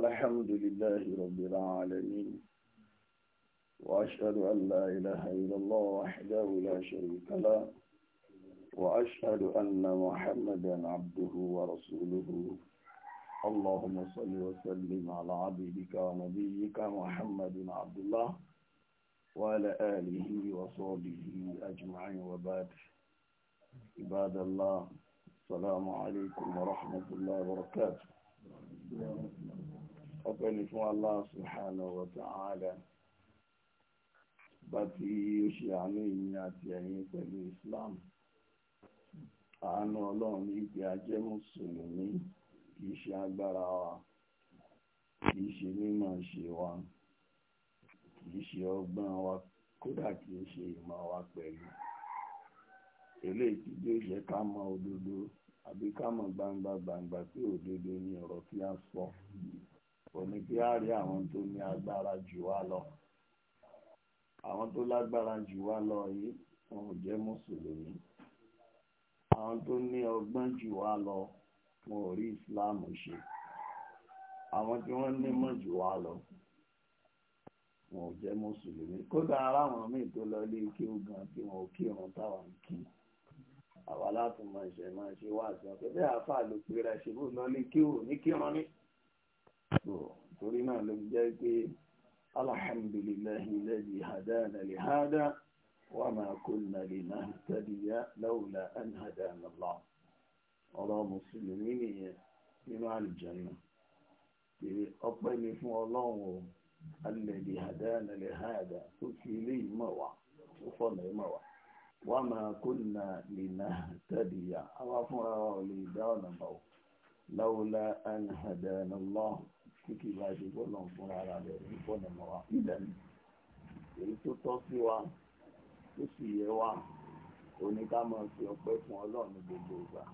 الحمد لله رب العالمين وأشهد أن لا إله إلا الله وحده لا شريك له وأشهد أن محمدا عبده ورسوله اللهم صل وسلم على عبدك ونبيك محمد عبد الله وعلى آله وصحبه أجمعين وبعد عباد الله السلام عليكم ورحمة الله وبركاته ọpẹ́ ni fún Allah subhanahu wa ta'ala bá tí ó ṣe àánú ìyìn àti pẹ̀lú Islam àánú ọlọ́run ní a mùsùlùmí kì í ṣe agbára wa kì í ṣe mímọ̀ ṣe wa kì í ṣe ọgbọ́n wa kódà kì í ṣe ìmọ̀ wa pẹ̀lú ká mọ òdodo àbí gbangba gbangba pé òdodo ni ọ̀rọ̀ òní kí á rí àwọn tó ní agbára jù wá lọ àwọn tó lágbára jù wá lọ yìí wọn ò jẹ́ mùsùlùmí àwọn tó ní ọgbọ́n jù wá lọ wọn ò rí ìsìláàmù ṣe àwọn tí wọ́n nímọ̀ jù wá lọ wọn ò jẹ́ mùsùlùmí kódà aráwọn míì tó lọ ilé kí ó gan tí wọn ò kí wọn táwọn kí àwa láti mọ ìṣẹ̀ máa ṣe wá àti ọ̀kẹ́ bẹ́ẹ̀ àfáà ló pera ṣe bó lọ ilé kí ó ní kí wọn ní. ترينا لنجاك الحمد لله الذي هدانا لهذا وما كنا لنهتدي لولا أن هدانا الله ولا مسلمين بما الجنة أطلني فو الله الذي هدانا لهذا تفلي موع تفلي موع وما كنا لنهتدي أو فو لولا أن هدانا الله tí kì í bá ṣe bọ́ọ̀lù fúnra ara rẹ̀ ní fọ́nàmọ́ wa ilẹ̀ mi èyí tó tọ́ sí wa tó sì yẹ wa òní ká máa fi ọpẹ́ fún ọlọ́run gbogbo ìgbà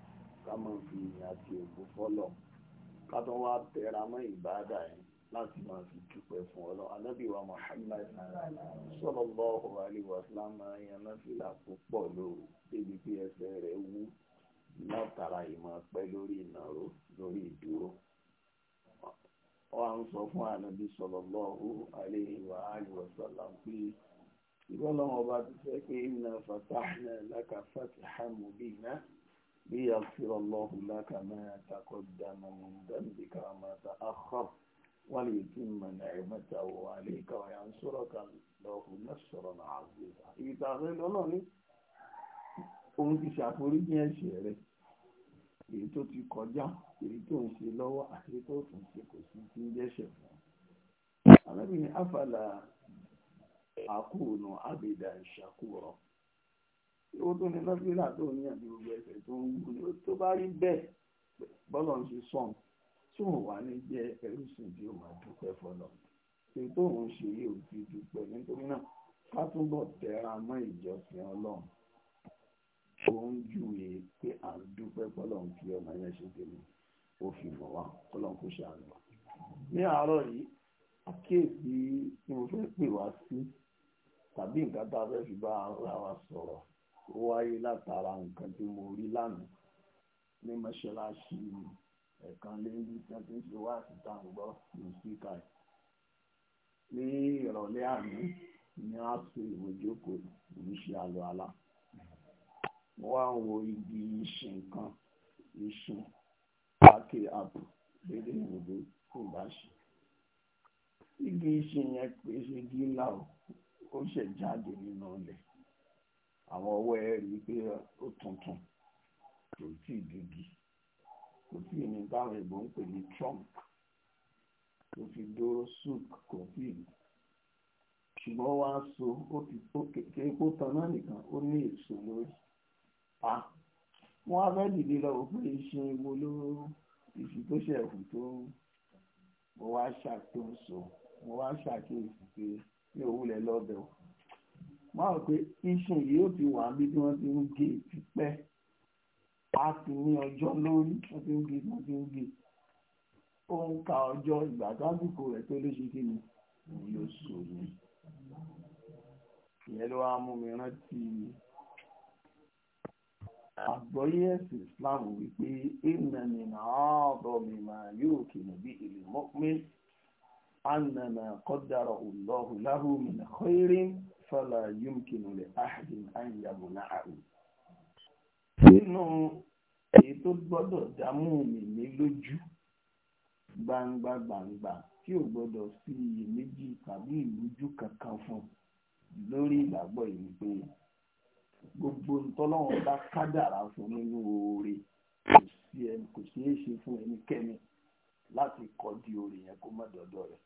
ká máa fi ìyìn àti ògbó fọ́lọ̀ ká tó wá tẹra mọ́ ìbáàdà yẹn láti máa fi dúpẹ́ fún ọlọ́run anábìwá Muhammad sallallahu alaihi wasallam yẹn máa fi là púpọ̀ lóru débi pé ẹsẹ̀ rẹ̀ wú látara ìmọ̀ pẹ́ lórí ìnáró lórí ìdúró sọ fún ànábì sallallahu alayhi wa alihi wa sallam pé ìrọ́lọ́wọ́n ọba ti fẹ́ pé inna fatahna laka fathan mubina bí yaghfir Allahu laka ma taqaddama min dhanbika wa ma ta'akhkhara wa liyutimma ni'matahu alayka wa yansuraka Allahu èyí tó ti kọjá èyí tó ń ṣe lọ́wọ́ àti tó tún ṣe kò sí tí ń jẹ́ṣẹ̀ fún arábìnrin afala àkóònù abèdà ìṣàkóòrọ owó tó ní lọ́fíìlà tó ń yàn ní gbogbo ẹsẹ̀ tó ń wú ni tó bá rí bẹ́ẹ̀ bọ́lọ̀ ń ṣe sọ̀n tí òun wà ní jẹ́ ẹrú sùn tí ó máa dúpẹ́ fọlọ́ èyí tó ń ṣe yìí ò dúpẹ́ nítorí náà ká túbọ̀ tẹra mọ́ ìjọsìn ọlọ́run ó ń júwe pé à ń dúpẹ́ pọ́lọ̀ ń fi ọmọ yẹn ṣe tèmi ó fi mọ̀ wá pọ́lọ̀ kó ṣe àná. ní àárọ̀ yìí àkíyèsí tí mo fẹ́ pè wá sí tàbí nǹkan tá a fẹ́ fi bá ara wa sọ̀rọ̀ ó wáyé látara nǹkan tí mo rí lánàá ní mọ́ṣáláṣí ẹ̀ẹ̀kan lẹ́yìn tí wọ́n ti wá síta ń ní síkà yìí ní ìrọ̀lẹ́ àná ni a ṣe ìwòjókòó ìmúṣe àlọ́ àlá mo wá ń wo igi ìṣìn kan ìṣìn pákí àpò lédè ìrìnbó kò bá ṣe igi ìṣìn yẹn pé ṣe gíńlá o ó ṣẹ̀ jáde nínú ilẹ̀ àwọn ọwọ́ ẹ rí i pé ó tuntun kò tí ì gígì kò tí ì ní báwọn ìbò ń pè ní trump kò fi dóró soup kò tí ì ṣùgbọ́n wá so ó ti tó kékeré kó tan náà nìkan ó ní èso lórí pa wọ́n á fẹ́ dìde lọ wò pé ṣe wo ló ìsìn tó ṣẹ̀kù tó mo wá ṣàkóso mo wá ṣàkíyèsí pé mi ò wúlẹ̀ lọ́bẹ̀ o wọ́n rò pé iṣan yìí ó ti wà bí tí wọ́n ti ń gé tipẹ́ a ti ní ọjọ́ lórí wọ́n ti ń gé wọ́n ti ń gé ó ń ka ọjọ́ ìgbà tásìkò rẹ̀ tó ló ṣe kí ni ló sòrò ìyẹn ló wá mú mi rántí àgbọ́yé ẹ̀sìn Islam wípé ìnànì ààbọ̀ mìíràn yóò kìnnà bí ìlú mọ́pín annana kọ́dára Allahu lahu min khairin fala yumkinu li ahadin an yamna'ahu. nínú èyí tó gbọ́dọ̀ dámú mi ní lójú gbangba gbangba tí ò gbọ́dọ̀ sí iyèméjì tàbí ìlújú kankan fún lórí ìgbàgbọ́ yìí pé gbogbo ntọ́lọ́wọ́n bá kádàrá fún nínú oore kò sí ẹni kò sí é ṣe fún ẹnikẹ́ni láti kọ́ di oore yẹn kó má dọ́dọ̀ rẹ̀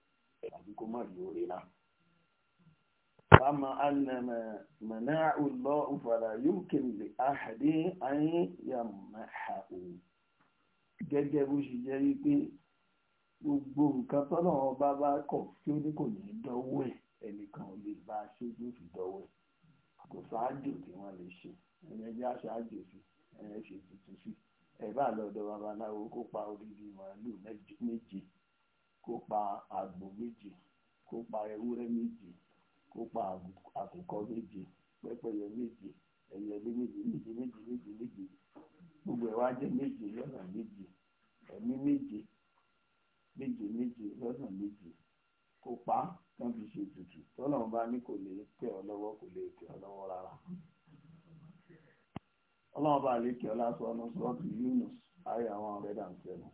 tàbí kó má rí oore náà. Fama anna mana'u Allahu fala yumkin li ahadin an yamna'ahu. Gẹ́gẹ́ bó ṣe jẹ́ wípé gbogbo nǹkan tọ́lọ́wọ́n bá bá kọ̀ tí ó ní kò ní dọ́wọ́ ẹ̀ ẹnìkan ò lè bá a ṣe bí ó fi dọ́wọ́ ẹ̀ kò sáájò tí wọ́n lè ṣe ẹ̀yẹ jẹ́ aṣáájò sí ẹ̀yẹ ṣe tuntun sí ẹ̀ bá lọ́dọ̀ babaláwo kó pa odidi màálùú méje kó pa àgbò méje kó pa ewúrẹ́ méje kó pa àkùkọ méje pẹ́pẹ́yẹ méje ẹ̀yẹ lé méje méje méje méje méje gbogbo ẹ̀ wá jẹ́ méje lọ́nà méje ẹ̀mí méje méje méje lọ́nà méje kó pa á wọ́n fi ṣe tutù tọ́lọ́run bá ní kò lè tẹ̀ ọ́ lọ́wọ́ kò lè tẹ̀ ọ́ lọ́wọ́ rárá ọlọ́run bá lè kí ọlá sọ ọ́nà sọ́ọ̀tù Yunus ayé àwọn ọ̀rẹ́ dà ń sẹ́nu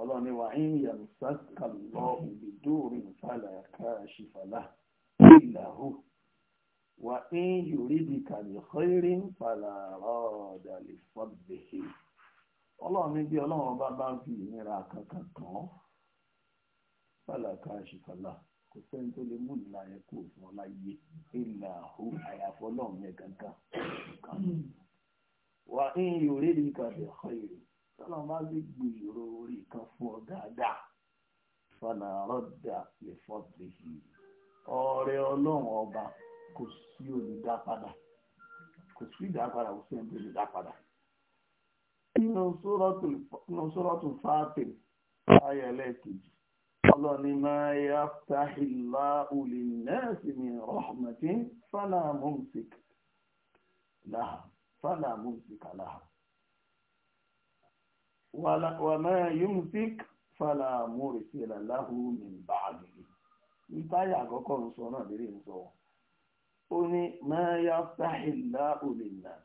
ọlọ́run ni wà ń yàn sákà lọ òbí dóòrin fàlà káà ṣì fàlà ìlàhù wà ń yòrí bí kàlì xẹ́rí fàlà ọ̀dà lè fọ́gbẹ̀hẹ́ ọlọ́run ní bí ọlọ́run bá bá fi ìnira kankan kàn án fàlà káà fàlà kò sẹ́ni tó lè mú ìlà yẹn kó fún ọ láyé ìlà ó àyàfọ́ lọ́run yẹn gangan kan wà ń yòrè ní kàdé ọ̀hìn tọ́lá máa lè gbèrò orí kan fún ọ dáadáa fọlá rọ́dà lè fọ́ọ̀tì yìí ọ̀rẹ́ ọlọ́run ọba kò sí olùdápadà kò sí ìdápadà kò sí ẹni tó lè dápadà. nínú sọ́rọ́tù fáàtì ayẹlẹ́ kejì ọlọ́run ní máa yá táhìlá olè náà sì ní rọ́ọ̀mọ̀tí fàlà mùsíkà láà wà máa yúmsík fàlà múrìsílà láhù min báàdìí ìtayà àkọ́kọ́ ń sọ náà lérí ń sọ ó ní máa yá táhìlá olè náà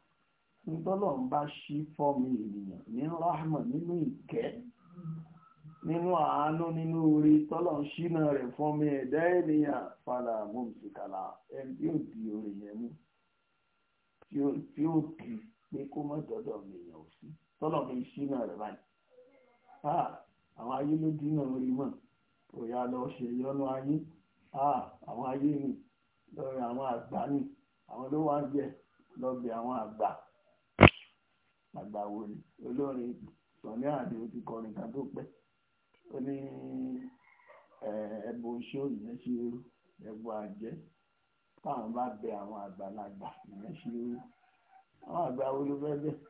ń tọ́lọ̀ ń bá ṣí fọ́ọ̀mù ènìyàn ní rọ́ọ̀mọ̀ nínú ìkẹ́ nínú àánú nínú orí tọ́lọ̀ ń ṣínà rẹ̀ fún mi ẹ̀dá ènìyàn padà mọ̀mùsìkàlà ẹni tí ó di orí yẹn mú tí ó di pé kó mọ̀ dọ́dọ̀ mi yàn ó sí tọ́lọ̀ mi ṣínà rẹ̀ báyìí. àwọn ayé ló dínà orí mọ̀ òyà lọ ṣe yọnu ayé àwọn ayé nì lọ́rẹ̀ àwọn àgbà nì àwọn ló wá ń jẹ lọ́bẹ̀ àwọn àgbà àgbà wo ni olórin sọ̀ní àdé ó ti kọrin ká tó pẹ́ ó ní ẹbọ iṣẹ́ òyìnbó ẹbọ àjẹ́ táwọn bá bẹ àwọn àgbàlagbà ìyẹn é àwọn àgbà wo ló fẹ́ bẹ́ẹ̀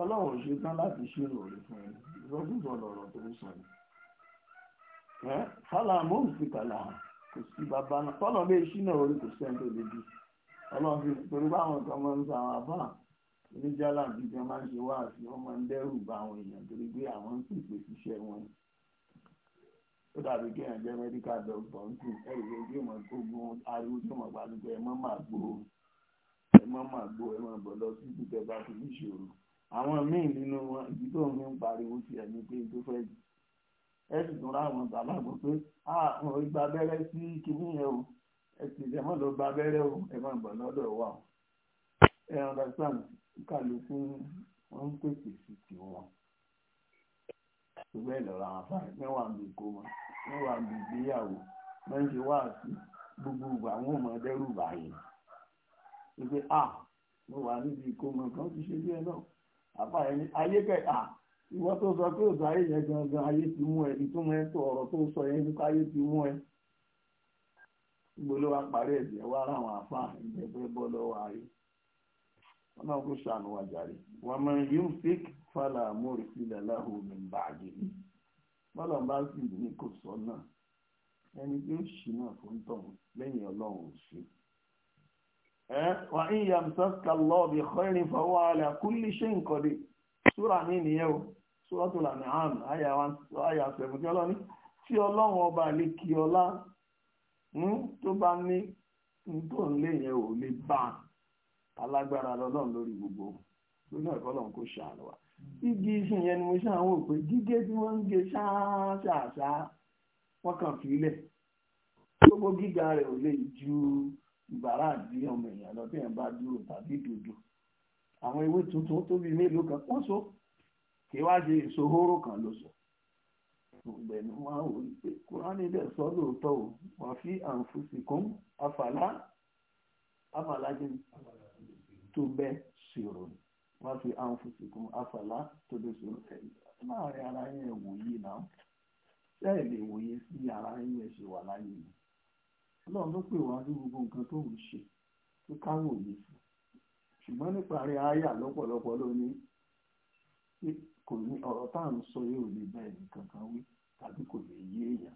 ọlọ́run ò ṣe tán láti ṣe ìrọ̀rẹ́ fún ẹ ìrọ́kùsọ̀ lọ̀rọ̀ tó ń sọ yìí ẹ fọlá mọ́ọ̀sìkàlà kò sí bàbá náà tọ́lọ̀ bẹ́ẹ̀ ṣínà orí kò sẹ́ni tó lè bí ọlọ́run fi torí báwọn kan máa ń sọ àwọn àbá oníjàlá bíi kan máa ń ṣe wáàsí wọn máa ń dẹ́rù bá àwọn èèyàn torí pé àwọn ń pèpè síṣẹ́ wọn ó dàbí kí èèyàn jẹ́ mẹ́díkà dọ́kítọ̀ ń tù ẹ̀rù pé kí èèyàn tó gun ariwo tí èèyàn bá dúpẹ́ ẹ má má gbó ẹ má má gbó ẹ má bọ̀ lọ sí ìdúpẹ́ bá fi àwọn míì nínú wọn ìdí tó ń fi ń ti ẹ̀ pé tó fẹ́ jù ẹ sì tún ráwọn bàbá gbọ́ pé àwọn ìgbà abẹ́rẹ́ sí kinní yẹn o ẹ sì ẹ má lọ gba abẹ́rẹ́ o ẹ má bọ̀ lọ́dọ̀ wa o ẹ understand kálukú wọn ń pèsè àfà mẹ́wàá ń bì kó mọ́ mẹ́wàá ń bì gbéyàwó wọ́n ṣe wá sí gbogbo ìgbà àwọn ọmọ ẹdẹ́rù báyìí wípé a mo wà níbi ìkómọ kan ti ṣe bí ẹ náà àfà ẹni ayé kẹ à ìwọ tó sọ pé òtún ayé yẹn gangan ayé ti mú ẹ ìtumọ̀ ẹ tó ọ̀rọ̀ tó sọ yẹn nípa ayé ti mú ẹ gbólóhà parí ẹ̀jẹ̀ wá ráwọn àfà ìjẹ̀fẹ́ bọ́ lọ́wọ́ ayé ọlọ́run kò ṣàánú wájà rí wàmọ̀ yóò fake fàlà mọ́rìsílẹ̀ láhùn mi bàjẹ́ yìí bọ́lọ̀ bá sì ní kò sọ náà ẹni tí ó ṣì náà fún tọ̀hún lẹ́yìn ọlọ́run ò ṣe. ẹ wà ń yà mùsàkà lọ́ọ̀bì khairin fahuwa ala kulli shay'in qadir súrà mí nìyẹn o Suratul An'am àyà sẹ̀fùn tí ọlọ́ni tí ọlọ́run ọba lè kí ọlá tó bá ní tó ń lé yẹn ò lè bá alágbára lọ́lọ́run lórí gbogbo lónà ìfọlọ́run kò ṣàánú igi iṣu yẹn ni mo ṣáà wò pé gígé tí wọ́n ń gé ṣáṣáṣá wọ́n kàn fílẹ̀ gbogbo gíga rẹ̀ ò lè ju ìbára àti ọmọ èèyàn lọ bẹ́ẹ̀ bá dúró tàbí dòdò àwọn ewé tuntun tó bí mélòó kan wọ́n so kí wá ṣe èso hóró kan ló so ìgbẹ̀nu wọn ò rí pé kúránì dẹ̀ sọ lóòótọ́ o wọ́n fi àǹfùsì kún afàlá afàlá jẹ́ tó bẹ́ ṣèrò ni. wọ́n fi àǹfùsùkùn afàlá tó lè sọ láàrin ara yẹn wòye náà bẹ́ẹ̀ lè wòye sí ara yẹn ṣe wà láyé mi ọlọ́run ló pè wá sí gbogbo nǹkan tó ń ṣe tó káwọ́ sí ṣùgbọ́n àyà lọ́pọ̀lọpọ̀ kò ní ọ̀rọ̀ tá à ń sọ yóò lè bẹ́ẹ̀ wí tàbí kò lè yé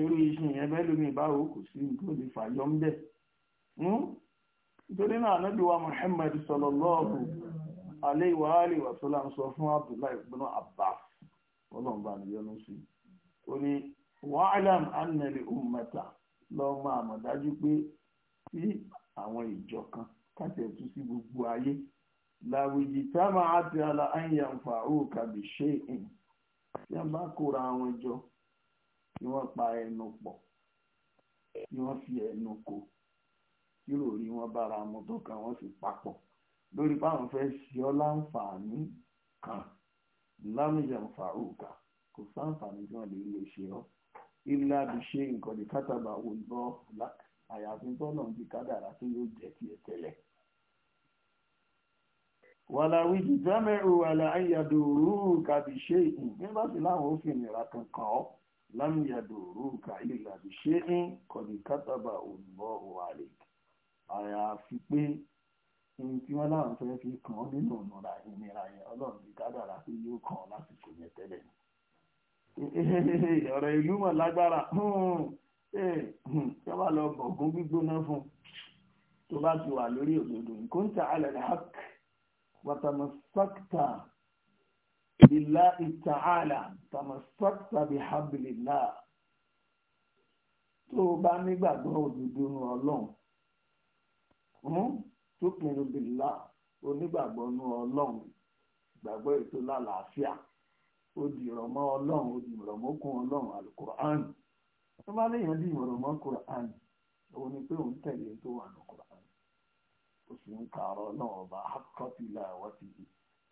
orí iṣẹ́ yẹn bẹ́ẹ̀ lómi ìbáwò kò sí nǹkan lè fàyọ́ ń bẹ̀. Hmm? nítorí náà anábì wa Muhammad sallallahu alaihi wa alihi wa sallam sọ fún Abdullahi ibn Abbas ọlọ́run bá nìyẹn ló sí ó ní wa'lam anna li ummata lọ́ọ́ máa mọ̀ dájú pé tí àwọn ìjọ kan kátẹ̀tù sí gbogbo ayé làwùjì tá máa ti ala an yanfa'uka bi shay'in bá kóra àwọn ìjọ kí wọ́n pa ẹnu pọ̀ kí wọ́n fi ẹnu kò kí lórí wọn bára mu tó kàn wọ́n sì papọ̀ lórí báwọn fẹ́ ṣe ọ́ láǹfààní kan lámìjà ń fa òkà kò sáǹfààní tí wọ́n lè lè ṣe ọ́ ilé àdìṣe nǹkan ní kátàbà òyìnbó black àyàfi tọ́nà ti kádàrá tó yóò jẹ́ tiẹ̀ tẹ́lẹ̀. wàlàwí jìjámẹ́rù wàlà ayàdòrú kàbíṣe ìgbín bá sì láwọn òfin ìnira kankan ọ́ lámìyàdò rúùkà ìlà bí ṣé ń kọ̀dí kátàbà òyìnbó òhàlè àyàfi pé ohun tí wọ́n láwọn fẹ́ fi kàn án nínú ìnura ìnira yẹn ọlọ́run ti kádàrá pé yóò kàn án lásìkò yẹn tẹ́lẹ̀ ni. ọ̀rọ̀ ìlú mọ̀ lágbára ṣé hmm, eh, hmm, wàá lọ bọ̀gún gbígbóná fún un tó bá ti wà lórí òdodo nǹkan ń ta alẹ́ ní wàtàmọ́sákítà. billahi ta'ala tàmásọ́tà bí hábìlìlá tó o bá nígbàgbọ́ òdodo nu ọlọ́run tó pinnu bìlá onígbàgbọ́ nu ọlọ́run ìgbàgbọ́ ètò lálàáfíà ó di ìrọ̀mọ́ ọlọ́run ó di ìrọ̀mọ́ kún ọlọ́run alukur'an tó bá léèyàn di ìrọ̀mọ́ kur'an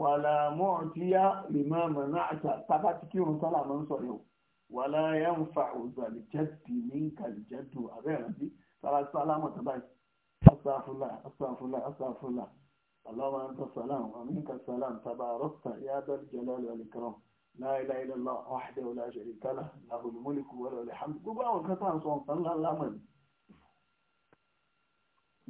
wàlà mọ́ọ̀tíyá lèmọ́ mọ̀nà àṣà tábà tí kí òun sálà máa ń sọ yẹn wàlà yà ń fa òògùn àlìjẹ́dì ní kàlìjẹ́dù abẹ́rẹ́ àti sára sálámù tàbá asáfúlà asáfúlà asáfúlà aláwọ̀ àǹtà sálàm àmìnkà sálàm tàbá rọ́pùtà yà dọ́lì jẹ́lọ́lì ọ̀lẹ́kọ̀rọ̀ láìlá ilẹ̀ lọ́ ọ̀hádẹ́ ọ̀làṣẹ̀ríkálà làhùlùmọ́lẹ́kù wọlé ọ̀lẹ́hàmù gbogbo àwọn kátà ń sọ nǹkan ńlá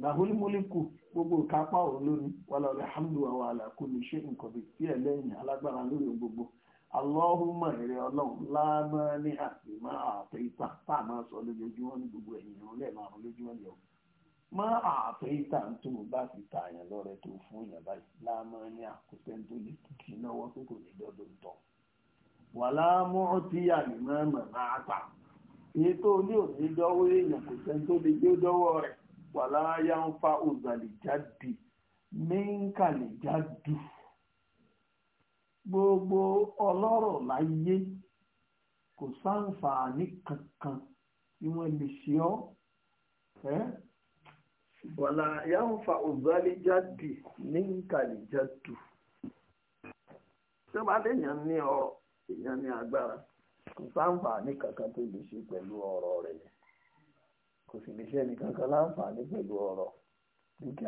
dàhùn múlíkù gbogbo ìkápá òun lónìí wàlá alhamdu àwọn àlàkù ní ṣé nǹkan bí tí ẹ lẹ́yìn alágbára lórí gbogbo allahumma rẹ ọlọ́run láàmú ní ìta tá a máa sọ lójoojúmọ́ ní gbogbo ẹ̀yìn ní ọ̀hún bá ti ta àyàn lọ́rẹ tó fún yàn báyìí láàmú ní àkóṣẹ́ lè kí lọ́wọ́ tó wàlá ya ń fa òzàlìjáde jádù gbogbo ọlọ́rọ̀ láyé kò sáǹfààní kankan tí wọ́n lè ṣe ọ́ wàlá ya ń fa òzàlìjáde mínkàlìjádù tí wọ́n bá lèèyàn ní ọ èèyàn ní agbára kò sáǹfààní kankan tó lè ṣe pẹ̀lú ọ̀rọ̀ rẹ̀ yẹn. kò sì ní ṣe ẹnìkan kan láǹfààní pẹ̀lú ọ̀rọ̀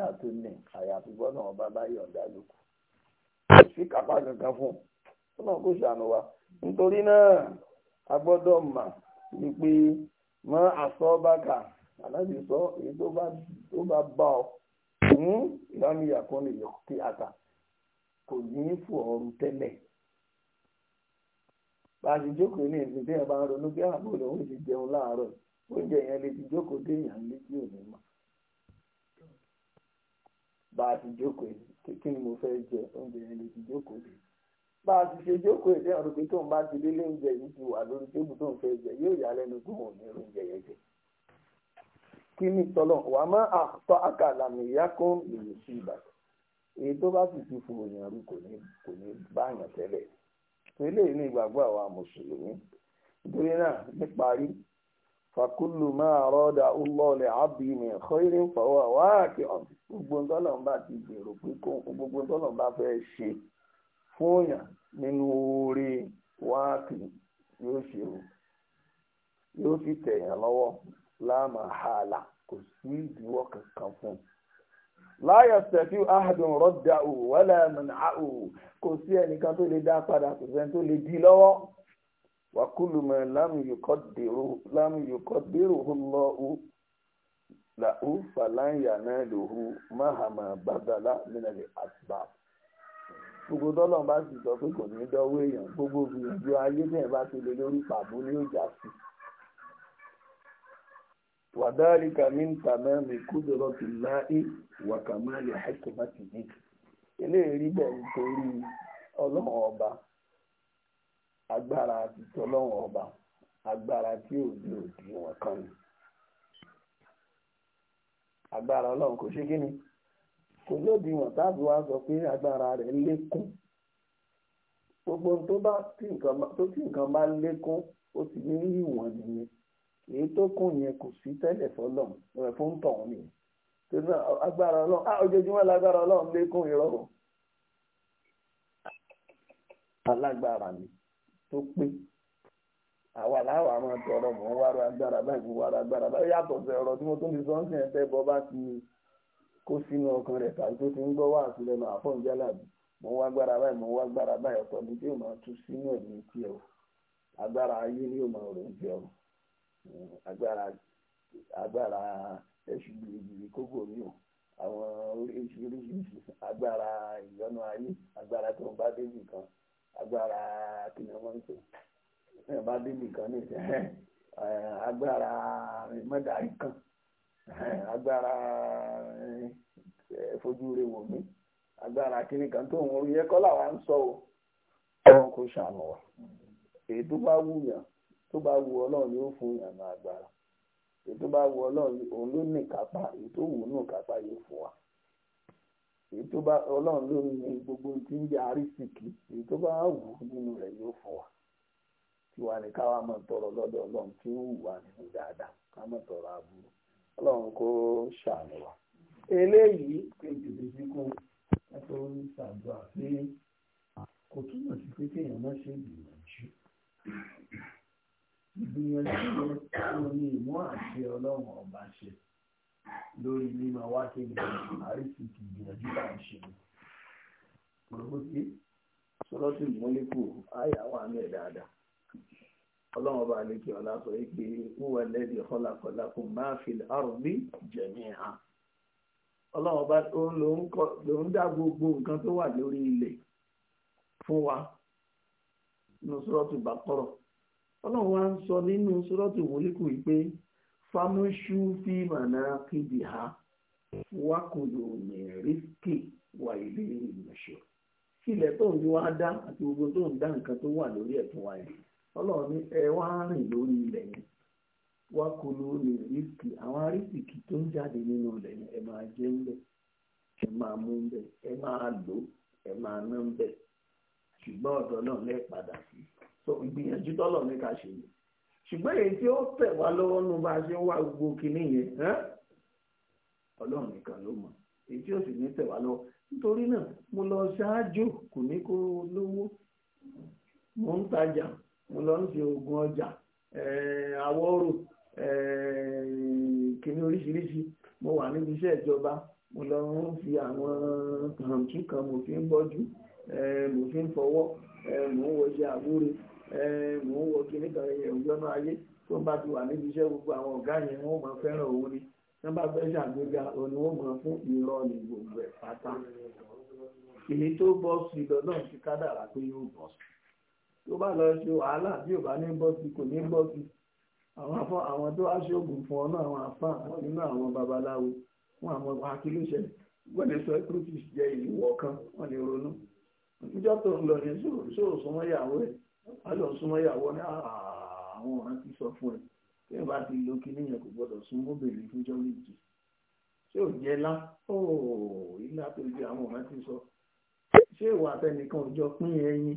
a tó ní àyàfi gbọ́dọ̀ ọba bá yọ̀ǹda lóko kò sí kápá kankan fún ọlọ́run kò ṣàánú wa nítorí náà a gbọ́dọ̀ mà wípé mọ́ àsọ́bàkà àlábì sọ èyí tó bá bá ọ kan lè yọ a jókòó ní ìsìn ah, oúnjẹ yẹn lè ti jókòó déèyàn létí òní bá a ti jókòó kí ni mo fẹ́ jẹ oúnjẹ yẹn lè ti jókòó dé bá a ti ṣe jókòó èdè ọ̀rọ̀ tó tóun bá ti délé oúnjẹ yìí ti wà lórí tébù tóun fẹ́ jẹ yóò yà lẹ́nu tó wọn ní oúnjẹ yẹn jẹ kí ni tọ́lọ̀ má àtọ́ àkàlàmì ìyá sí ibà. èyí tó bá sì ti kò ní kò ní báyàn tẹ́lẹ̀ eléyìí ní ìgbàgbọ́ fàkúlù máa rọ́dà ọlọ́ọ̀lẹ̀ ábìmí ọ̀hìnrín fọwọ́ wáàkì gbogbo ntọ́lọ́mbà ti gbèrò pé kó gbogbo ntọ́lọ́mbà fẹ́ ṣe fúnyà nínú oore wáàkì yóò ṣe o yóò sì tẹ̀yàn lọ́wọ́ láàmàhàlà kò sí ìdíwọ́ kankan fún un láyọ̀ tẹ̀síw ahadùn rọ́dà ò mọ̀nà ò kò sí ẹnìkan tó lè dá padà kò sẹ́ni tó lè dí lọ́wọ́ wàkúlù mọ lámì yòókọ dérò hún lọ ó là ó fàlàyà náà lòhù máhàmà bàdàlà mìnàlẹ àtìbà gbogbo tọ́lọ̀ bá sì sọ pé kò ní dọ́wọ́ èèyàn gbogbo gbìyànjú ayé náà bá ti lè lórí pàbó ní òjà sí wàdáríkà mi ń tàná mi kúdọ̀rọ̀ ti láì wàkàmá lè hẹ́kẹ̀má ti ní eléyìí rí bẹ́ẹ̀ nítorí ọlọ́run ọba agbára àti tọ́lọ́wọ̀n ọba agbára tí òde òdi wọn kan ni agbára ọlọ́run kò ṣe kí ni kò lóde wọn táàbí wá sọ pé agbára rẹ̀ lékún gbogbo tó bá tí nǹkan bá lékún ó ti ní ìwọ̀n nìyẹn èyí tó kún yẹn kò sí tẹ́lẹ̀ fọlọ́run rẹ̀ fún tọ̀hún nìyẹn tó agbára ọlọ́run á ah, ojoojúmọ́ lágbára ọlọ́run lékún ìrọ̀rùn alágbára ni tó pé àwa láwa máa tọrọ mọ wàrà agbára báyìí mọ wàrà agbára báyìí yàtọ̀ sí ọ̀rọ̀ tí mo tún fi sọ́ńsì ẹ̀ tẹ́ bọ́ bá ti kó sínú ọkàn rẹ̀ tàbí tó ti ń gbọ́ wá àti lẹ́nu àfọ̀njálàbí mo wá agbára báyìí mo wá agbára báyìí ọ̀tọ̀ ni tí yóò máa tú sínú ẹ̀mí tiẹ̀ o agbára ayé ni yóò máa rò ń tiẹ̀ o agbára agbára ẹ̀sùn gbìrìgbìrì kókò mi o àwọn oríṣiríṣi agbára ìyọnu ayé agbára tó ń bá dé nìkan agbára kí ni bá bí nìkan ní ìsìn agbára mọ́dàrí kan agbára wò mí agbára kan tó ń làwa ń sọ o kò ṣàánú wa èyí tó bá wù yàn tó bá wù ọlọ́run yóò fún yàn ní agbára bá wù ọlọ́run òun ló èyí yóò fún wa. èyí tó bá ọlọ́run ló ní gbogbo tí ń jẹ́ àrísìkì èyí tó bá wù nínú rẹ̀ yóò fún wa tiwa ni tọrọ lọ́dọ̀ ọlọ́run tí ń wù wá nínú dáadáa ká máa tọrọ aburú ọlọ́run ṣàánú wa. eléyìí kejì ti fi kún orí kò túmọ̀ sí ọba ṣe. lórí mímọ wá kéde àrísì ti gbìyànjú bá ń ṣe gbòógbòógbé sọlọ́tì mọ́lẹ́kù àyà wà ní ẹ̀ dáadáa ọlọ́run ọba àlekè ọ̀la sọ pé wúwa lẹ́bi ọ̀làkọ̀lá kò máa fi àrùbí jẹ̀mí hàn ọlọ́run ọba ló ń dá gbogbo nǹkan tó wà lórí ilẹ̀ fún wa nínú sọ́rọ́tù bàkọ́rọ̀ ọlọ́run wa ń sọ nínú sọ́rọ́tù mọ́lẹ́kù yìí pé famshu fi manaqibiha wakulu min rizqi wa ilayhi nushur ilẹ̀ tó ń wá dá àti gbogbo tó ń dá wà lórí wa yẹn ọlọ́run ní ẹ wá rìn lórí ilẹ̀ yẹn wakulu min rizqi àwọn arísìkì tó ń jáde nínú ilẹ̀ yẹn ẹ máa jẹ ń ẹ máa mú ń ẹ máa lò ẹ máa ná náà lẹ́ẹ̀ padà so ìgbìyànjú tọ́lọ̀ ní ká ṣe ṣùgbọ́n èyí tí ó tẹ̀ wá lọ́wọ́ nù bá a ṣe ń wá gbogbo kinní yẹn ọlọ́run nìkan ló mọ̀ èyí tí ó sì ní tẹ̀ wá lọ́wọ́ nítorí náà mo lọ ṣáájú kò ní kó lówó mo ń tajà mo lọ ń ṣe oògùn ọjà àwọ̀rò kinní oríṣiríṣi mo wà níbi iṣẹ́ ìjọba mo lọ ń fi àwọn kàǹtù kan mo fi ń bọ́jú mo fi ń fọwọ́ mo ń wọṣẹ àwúre mò ń wọ kíní kan yẹn òjọ́nú ayé tó bá ti wà níbi iṣẹ́ gbogbo àwọn ọ̀gá yẹn wọ́n máa fẹ́ràn òun ni wọ́n bá fẹ́ ṣàgbéga òun ni wọ́n máa fún irọ́ ní gbogbo ẹ̀ pátá èyí tó bọ́ sí lọ náà ti kádàrà pé yóò bọ́ sí tó bá lọ ṣe wàhálà bí ò bá ní bọ́ sí kò ní bọ́ sí àwọn afọ àwọn tó aṣoògùn fún ọ náà àwọn afá nínú àwọn babaláwo wọn àwọn akílóṣẹ wọn lè sọ ekrutis jẹ ìwọ kan wọn lè ronú níjọ́ tó ń lọ ní sóòsùn mọ́ ìyàwó ẹ̀ wọ́n lọ súnmọ́ ìyàwó ní ah, àwọn ọ̀ràn ti sọ fún ẹ kí ẹ bá ti lo kíní yẹn kò gbọ́dọ̀ súnmọ́ bèrè fúnjọ́ méjì ṣé ò jẹ́ lá óò ilá tó jẹ àwọn ọ̀ràn ti sọ ṣé ìwà àtẹnìkan ò jọ pín ẹyin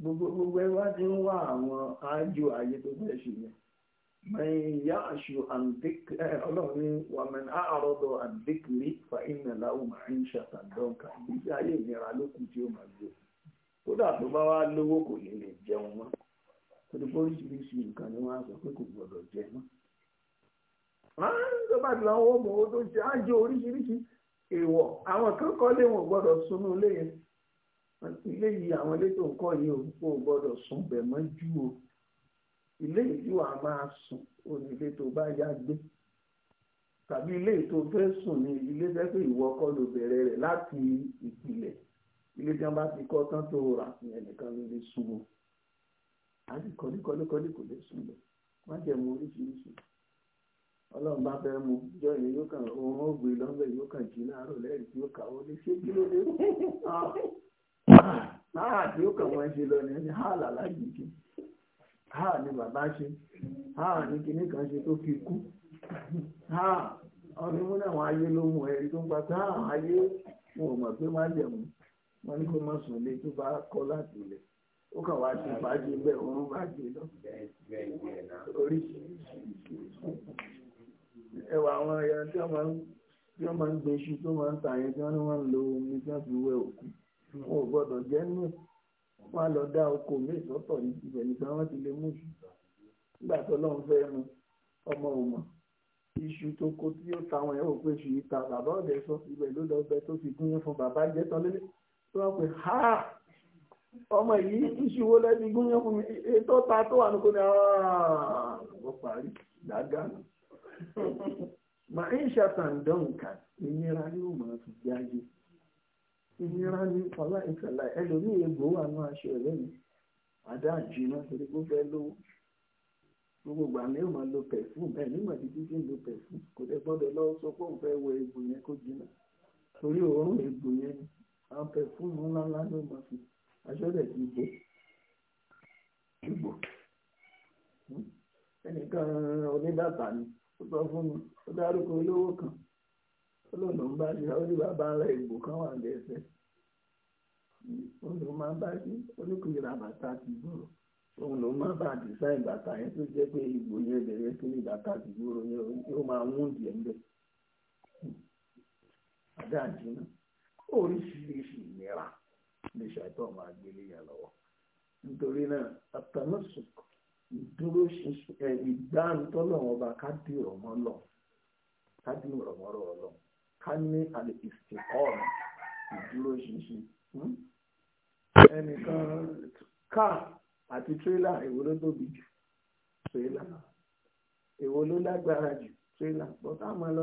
gbogbo gbogbo ẹ wá ti ń wá àwọn ájò ayé tó fẹ́ ṣe yẹn mẹ́yìn yá àṣù àǹdík ọlọ́run ní wàmẹ́n àárọ̀dọ̀ àǹdík rí fa ìnà láwùmọ̀ àìṣà tàǹdọ̀ǹkà ìgbésí ayé ìnira lókùn tí ó máa gbé kódà tó bá wá lówó kò ní lè jẹun mọ́ torí pé oríṣiríṣi nǹkan ni wọ́n á sọ pé kò gbọ́dọ̀ jẹ mọ́. tó bá ti lọ wọ́n mọ owó tó ń ṣe ájò oríṣiríṣi èèwọ̀ àwọn kan kọ́ lé wọn gbọ́dọ̀ sunú ilé yẹn ilé yìí àwọn ilé tó ń kọ́ yìí ò kò gbọ́dọ̀ sùn bẹ̀ mọ́ jù o ilé yìí wàá máa sùn òní ilé tó bá yá gbé tàbí ilé tó fẹ́ sùn ní ilé fẹ́ pé ìwọ ló bẹ̀rẹ̀ rẹ̀ láti ìpìlẹ̀ ilé tí wọ́n bá ti kọ́ tán tó rà sí ẹnìkan ló lè sùn o àti kọ́lékọ́lékọ́lé kò lè sùn lọ wọ́n mu oríṣiríṣi ọlọ́run bá fẹ́ mu jọ ìyẹn yóò kàn oorun ó gbé yóò kàn jí láàárọ̀ lẹ́yìn tí ó kà ó lè ṣe kí ló dé náà ah, ah, tí ó kàn wọ́n ṣe lọ ní ẹni hà làlá jìjì hà ni bàbá ṣe hà ni kinní kan ṣe tó fi kú hà ọdún múnà wọn ayé ló mú ẹ̀rí tó ń pa tá ayé wọn ò mọ̀ pé má lè wọ́n ní kó má sùn lé tó bá kọ́ láti ilẹ̀ ó kàn wá sí fàájì bẹ́ẹ̀ òun bá gbé lọ oríṣiríṣi ẹwà àwọn ẹyà tí wọ́n máa ń gbé iṣu tó máa ń ta yẹn tí wọ́n ní wọ́n ń lo omi tí wọ́n fi wẹ òkú wọn ò gbọ́dọ̀ jẹ́ nù wọ́n á lọ dá oko míì sọ́tọ̀ yìí ibẹ̀ nìkan wọ́n ti lè mú iṣu nígbà tó lọ́n fẹ́ mu ọmọ ò mọ̀ iṣu tó kó tí ó ta wọn ẹ̀ ò pé iṣu yìí ta bàbá ọ̀dẹ̀ sọ ibẹ̀ ló lọ bẹ tó fi gún fún bàbá jẹ́ tán wọ́n ha ọmọ yìí ìṣòwò lẹ́bi gúnyán fún mi ètò ta tó wà nìkan ní àwọn ah! parí dàgá nù. màá ń ṣàtàndán nǹkan ìnira ni ó máa fi jẹ́ ayé ìnira ni ọlá ìfẹ̀lá ẹlòmíì egbò wà aṣọ ẹ̀rẹ́ mi gbogbo lo pẹ̀fúm ẹ̀ nígbà tí lo pẹ̀fúm kò gbọ́dọ̀ lọ́wọ́ sọ pé òun fẹ́ wọ egbò yẹn àwọn pẹ̀fúmù ńláńlá ló mọ̀ sí aṣọ́lẹ̀ ti gbó gbó ẹnìkan onídàtà ni ó sọ fún mi ó dárúkọ olówó kan olóòlù ń bá ṣe ó ní bàbá rẹ̀ ìgbò kan wà lẹ́sẹ̀ olóòlù máa ń bá ṣe oníkùnrin àbàtà ti gbòòrò òun ló máa bá design bàtà yẹn tó jẹ́ pé ìgbò yẹn bẹ̀rẹ̀ sí ní bàtà ìgboro yẹn yóò máa mú díẹ̀ ń bẹ̀. Àdáàdì náà. oríṣiríṣi ìnira ní ṣàìtọ́ máa gbélé yàn lọ́wọ́ nítorí náà àtànásùn ìdúró ṣinṣin ìgbàntọ́lọ̀ ọba ká dìrọ̀ mọ́ lọ ká lọ lọ ká ní àlè ìsìnkọ́ọ̀nù ìdúró ṣinṣin hmm? ẹnìkan àti tírélà èwo ló tóbi jù tírélà èwo ló lágbára jù tírélà máa lọ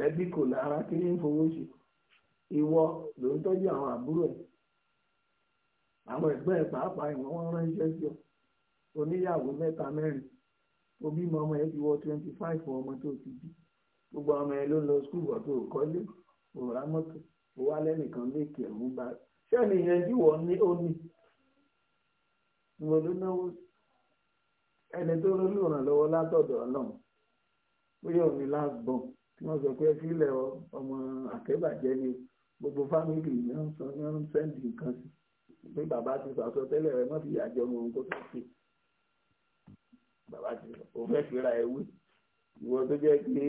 lẹ́bí kò lára kí ní fowó ṣe ìwọ ló ń tọ́jú àwọn àbúrò ẹ̀ àwọn ẹ̀gbọ́n ẹ̀ pàápàá ìwọ̀n wọn ránṣẹ́ sí ọ oníyàwó mẹ́ta mẹ́rin òbí mọ ọmọ ẹ ti wọ twenty five ọmọ tó ti bí gbogbo ọmọ ẹ ló ń lọ skul wọ tó kọ́lé òrà mọ́tò ó wá lẹ́nìkan lékè ọ̀hún bá sẹ́ni yẹn tí wọ́n ní ó ní ìwọ̀n náwó ẹni tó lólùrànlọ́wọ́ látọ̀dọ̀ ọlọ́run bóyá òní last born tí wọ́n sọ pé fílẹ̀ ọmọ àtẹ́bàjẹ́ ni gbogbo fámìlì náà ń sọ ní ọ̀run sẹ́ǹdì nǹkan sí pé bàbá ti sàsọ tẹ́lẹ̀ rẹ̀ mọ́tì àjọ ọmọ òun kó tó ṣe bàbá ti ò fẹ́ fira ewé ìwọ tó jẹ́ pé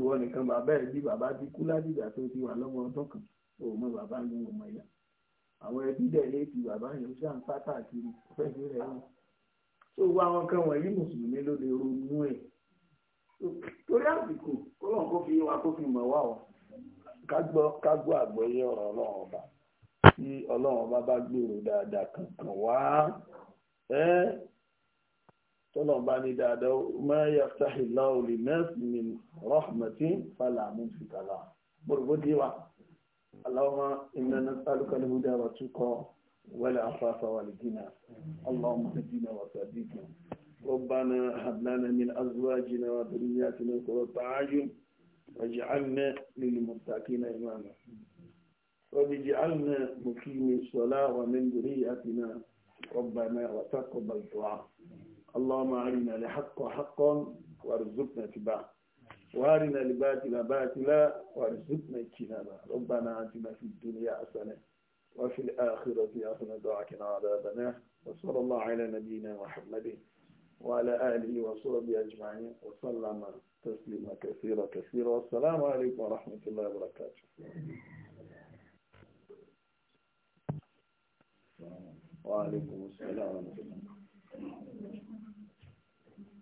ìwọ nìkan bàbá ẹ̀ bí bàbá ti kú ládìgbà tó ti wà lọ́mọ ọdún kan òun mọ bàbá ní ọmọ ìyá àwọn ẹbí dẹ̀ lé ti bàbá yẹn ṣáà ń pátá àti fẹ́ fira ewé tó wá àwọn kan wọ̀nyí mùsùlùmí ló lè ronú ẹ̀ torí àsìkò kọ́lọ́n kó fi wá kó fi mọ̀ wá o ká gbọ́ àgbọ́yé ọ̀rọ̀ ọlọ́run ọba tí ọlọ́run ọba bá gbèrò dáadáa kankan wá ẹ́ tọ́lọ́run bá ní dáadáa ma yaftahillahu linnasi min rahmatin fala mumsika laha gbọ́dọ̀gbọ́ dé wa aláwọ̀ inna nas'aluka al-huda wa tuqa wal afafa wal ghina Allahumma hdina wa saddiqna. ربنا هب لنا من أزواجنا وذرياتنا قرة أعين واجعلنا للمتقين إماما واجعلنا اجعلنا مقيمي الصلاة ومن ذريتنا ربنا وتقبل دعاء اللهم أرنا لحق حقا وارزقنا اتباعه وارنا الباطل باطلا وارزقنا اجتنابا ربنا آتنا في الدنيا حسنة وفي الآخرة حسنة وقنا عذابنا وصلى الله على نبينا محمد وعلى آله وصحبه أجمعين وسلم تسليما كثيرا كثيرا والسلام عليكم ورحمة الله وبركاته وعليكم السلام ورحمة الله